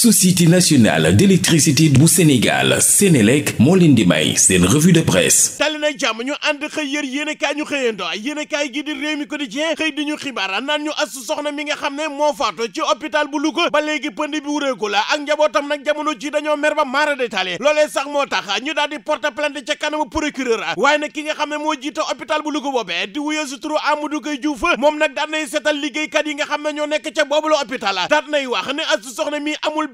société nationale d'électricité bu Sénégal Sénélec moo leen di may seen revue de presse tali na jàmm ñu ànd xëy yër yéen kaay ñu xëyando yéen a kaay gi di réew mi quotidien xëy di ñu xibaar naan ñu asu soxna mi nga xam ne moo faatu ci hôpital bu Louga ba léegi pënd bi wuréeku la ak njabootam nag jamono ci dañoo mer ba maara détaillé loolee sax moo tax ñu daal di porter ca kanamu procureur a waaye nag ki nga xam ne moo jiite hôpital bu Louga yi nga xam ne ñoo nekk ca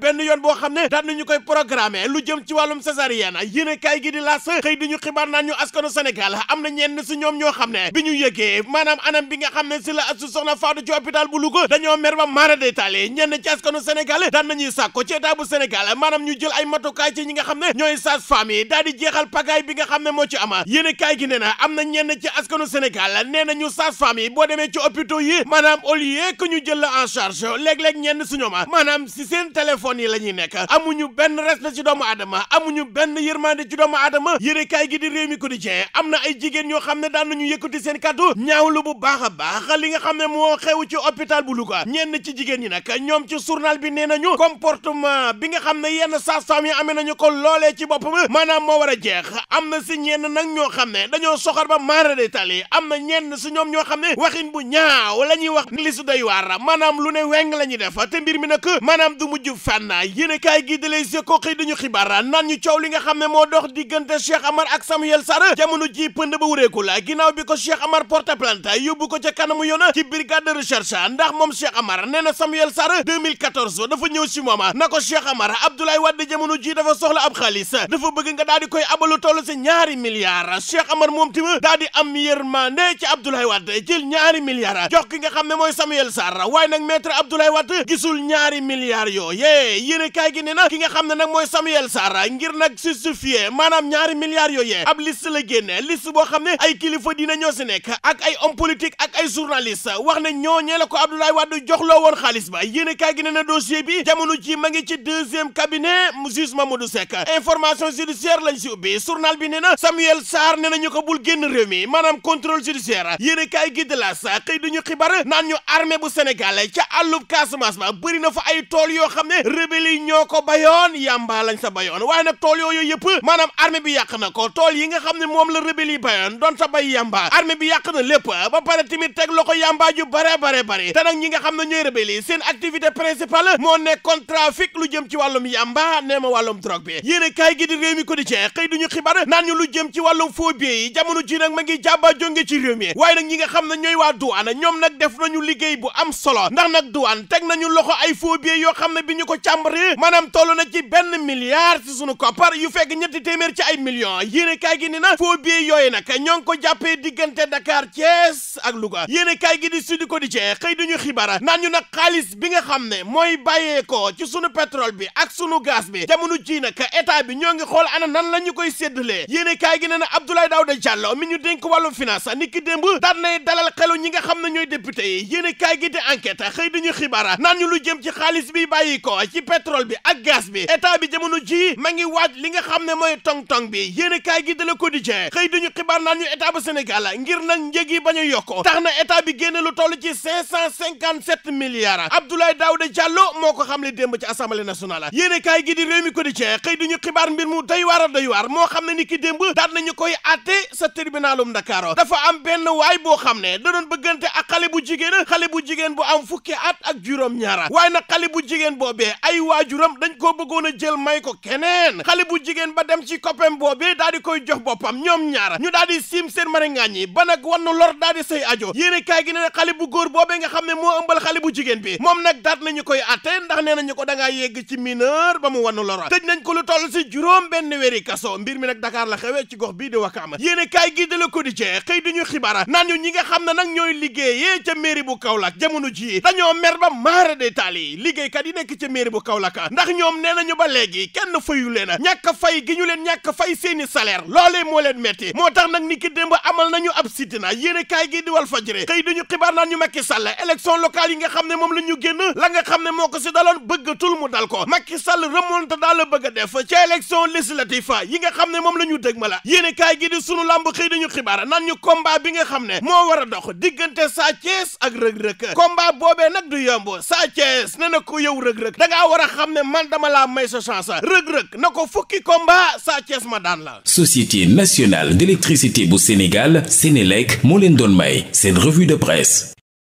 benn yoon boo xam ne daan ñu koy programmer lu jëm ci wàllum césarienne yéenekaay gi di laas xëy di ñu xibaar naan ñu askanu Sénégal am na ñenn si ñoom ñoo xam ne bi ñu yëgee maanaam anam bi nga xam ne si la su soxna faatu ci hôpital bu Louga dañoo mer ba maara détaillé ñenn ci Sénégal daan nañuy sàkko ci état bu Sénégal maanaam ñu jël ay matukaay ci ñi nga xam ne ñooy sages-femmes yi daal di jeexal pagaay bi nga xam ne moo ci ama yéenekaay gi ne na am na ñenn ci askanu Sénégal nee na ñu sages-femmes yi boo demee ci hôpitaux yi maanaam au lieu que ñu jël la en charge léeg-léeg ñenn su ñooma maanaam si seen téléphone téléphone yi la ñuy nekk amuñu benn respect ci doomu aadama amuñu benn yërmande ci doomu aadama yërekaay gi di réew mi quotidien am na ay jigéen ñoo xam ne daan nañu yëkkati seen kàddu ñaawlu bu baax a li nga xam ne moo xew ci hôpital bu Louga ñenn ci jigéen ñi nag ñoom ci journal bi nee nañu comportement bi nga xam ne yenn sages-femmes yi amee nañu ko loolee ci boppam maanaam moo war a jeex am na si ñenn nag ñoo xam ne dañoo soxor ba maara de tali am na ñenn si ñoom ñoo xam ne waxin bu ñaaw la ñuy wax li su doy waar lu ne la ñuy def mi nag waxtaan naa yéenekaay gi di Les li nga xam ne moo dox diggante Cheikh Amar ak Samuel Sarr jamono ji pënd bi ko Cheikh Amar porte plainte yóbbu ko ca kanamu yoon ci brigade de recherche ndax moom Cheikh Amar nee na Samuel Sarr 2014 dafa ñëw si mooma na ko Cheikh Amar dafa soxla ab xaalis dafa bëgg nga daal di koy abalu toll si ñaari milliards Cheikh moom tamit daal am yërmande ci Abdoulaye Wade jël ñaari milliards ki nga xam ne mooy Samuel Sarr waaye nag maître Abdoulaye Wade gisul ñaari milliards yooyee yéene kaay gi ne na ki nga xam ne nag mooy Samuel Sarr ngir na justifier maanaam ñaari milliards yooyee ab list la génne liste boo xam ne ay kilifa dina ñoo si nekk ak ay homme politique ak ay journaliste wax ne ñooñee la ko Abdoulaye Wade joxloo woon xaalis ba yéene kaay gi ne na bi jamono ji ma ngi ci deuxième cabinet juge Mamadou Seck information judiciaire lañ si ubbi journal bi ne na Samuel Sarr ne na ñu ko bul génn réew mi maanaam contrôle judiciaire yéene kaay gi de la sa xëy duñu xibaar naan ñu armée bu Sénégal ca àllub Casamance ba bëri na fa ay tool yoo xam rebelle yi ñoo ko bayoon yàmbaa lañ sa bayoon waaye nag tool yooyu yëpp maanaam armée bi yàq na ko tool yi nga xam ne moom la rebelle yi bayoon doon sa bay yàmbaa armée bi yàq na lépp ba pare tamit teg loxo yàmbaa ju bare bare bare te nag ñi nga xam ne ñooy rebelle yi seen activité principale moo nekkoon trafic lu jëm ci wàllum yàmbaa nee ma wàllum drogue bi yéen kaay gi di réew mi ko di cee xëy duñu xibaar naan ñu lu jëm ci wàllum faux billets yi jamono ji nag nga xam ne ñooy waa douane ñoom nag def nañu liggéey bu am solo ndax nag douane teg càmbar yi maanaam toll na ci benn milliard si sunu koppar yu fekk ñetti téeméer ci ay millions yéen a kaay gi ni na faux billets yooyu nag ñoo ngi ko jàppee diggante Dakar Thiès ak Louga yéen a kaay gi di Sud Quotidien xëy duñu xibaar naan ñu nag xaalis bi nga xam ne mooy bàyyeekoo ci sunu pétrole bi ak sunu gaz bi jamono ji nag état bi ñoo ngi xool ana nan la ñu koy séddalee yéen a kaay gi ne na Abdoulaye Daouda Diallo mi ñu dénk wàllu finance ni ki démb daan nay dalal ñi nga xam ne ñooy député yi gi di enquête xëy duñu xibaar naan lu jëm ci xaalis bi bàyyi ko ci pétrole bi ak gaz bi état bi jamono ji ma ngi waaj li nga xam ne mooy tong-tong bi yéen kaay gi de la quotidien xëy ñu xibaar naan ñu état bu la ngir nag njëg yi bañ a yokk tax na état bi génne lu toll ci cinq cent cinquante sept milliards Abdoulaye Daouda Diallo moo ko xam ne démb ci assemblée nationale yéen kaay gi di réew mi quotidien xëy ñu xibaar mbir mu doy waar a doy moo xam ne ni ki démb daan nañu koy àtte sa tribunalum Dakar dafa am benn waay boo xam ne da doon bëggante ak xale bu jigéen xale bu jigéen bu am fukki at ak juróom waaye nag xale bu jigéen boobee ay waajuram dañ koo bëggoon a jël may ko keneen xale bu jigéen ba dem ci copain boobee daal di koy jox boppam ñoom ñaara ñu daal di siim seen mari ngaañ yi ba nag wannu lor daal di say ajo yéene kaay gi ne xale bu góor boobee nga xam ne moo ëmbal xale jigéen bi moom nag daat nañu koy atte ndax nee nañu ko dangaa yegg ci mineur ba mu wannu lor tëj nañ ko lu toll si juróom benn weeri kaso mbir mi nag Dakar la xewee ci gox bii di Wakaam yéene kaay gi de la Quotidien xëy diñu xibaar naan ñu ñi nga xam ne nag ñooy liggéeyee ca mairie bu Kaolack jamono ji dañoo mer ba maara détaali liggéeykat yi nekk ca mairie mairie bu Kaolack ndax ñoom nee nañu ba léegi kenn fayu ñàkk fay gi ñu leen ñàkk fay seeni salaire loolee moo leen metti moo tax nag ni ki démb amal nañu ab sitina yéen kaay gi di Walf Fadjri xëy dañu xibaar naan ñu Macky Sall élection locale yi nga xam ne moom la ñu génn la nga xam ne moo ko si daloon bëggatul mu dal ko Macky Sall remonte daal la bëgg a def ci élection législative yi nga xam ne moom la ñu dëg ma la yéen kaay gi di sunu làmb xëy dañu xibaar ne moo a dox diggante Sa Thiès ak Reug Reug combat boobee Sa Thiès ne na ko yow dangaa war a xam ne man dama laa may sa chance rëg-rëg na ko fukki combat Sa Thiès ma daan la société nationale d'électricité bu Sénégal Sénélec moo leen doon may seen revue de presse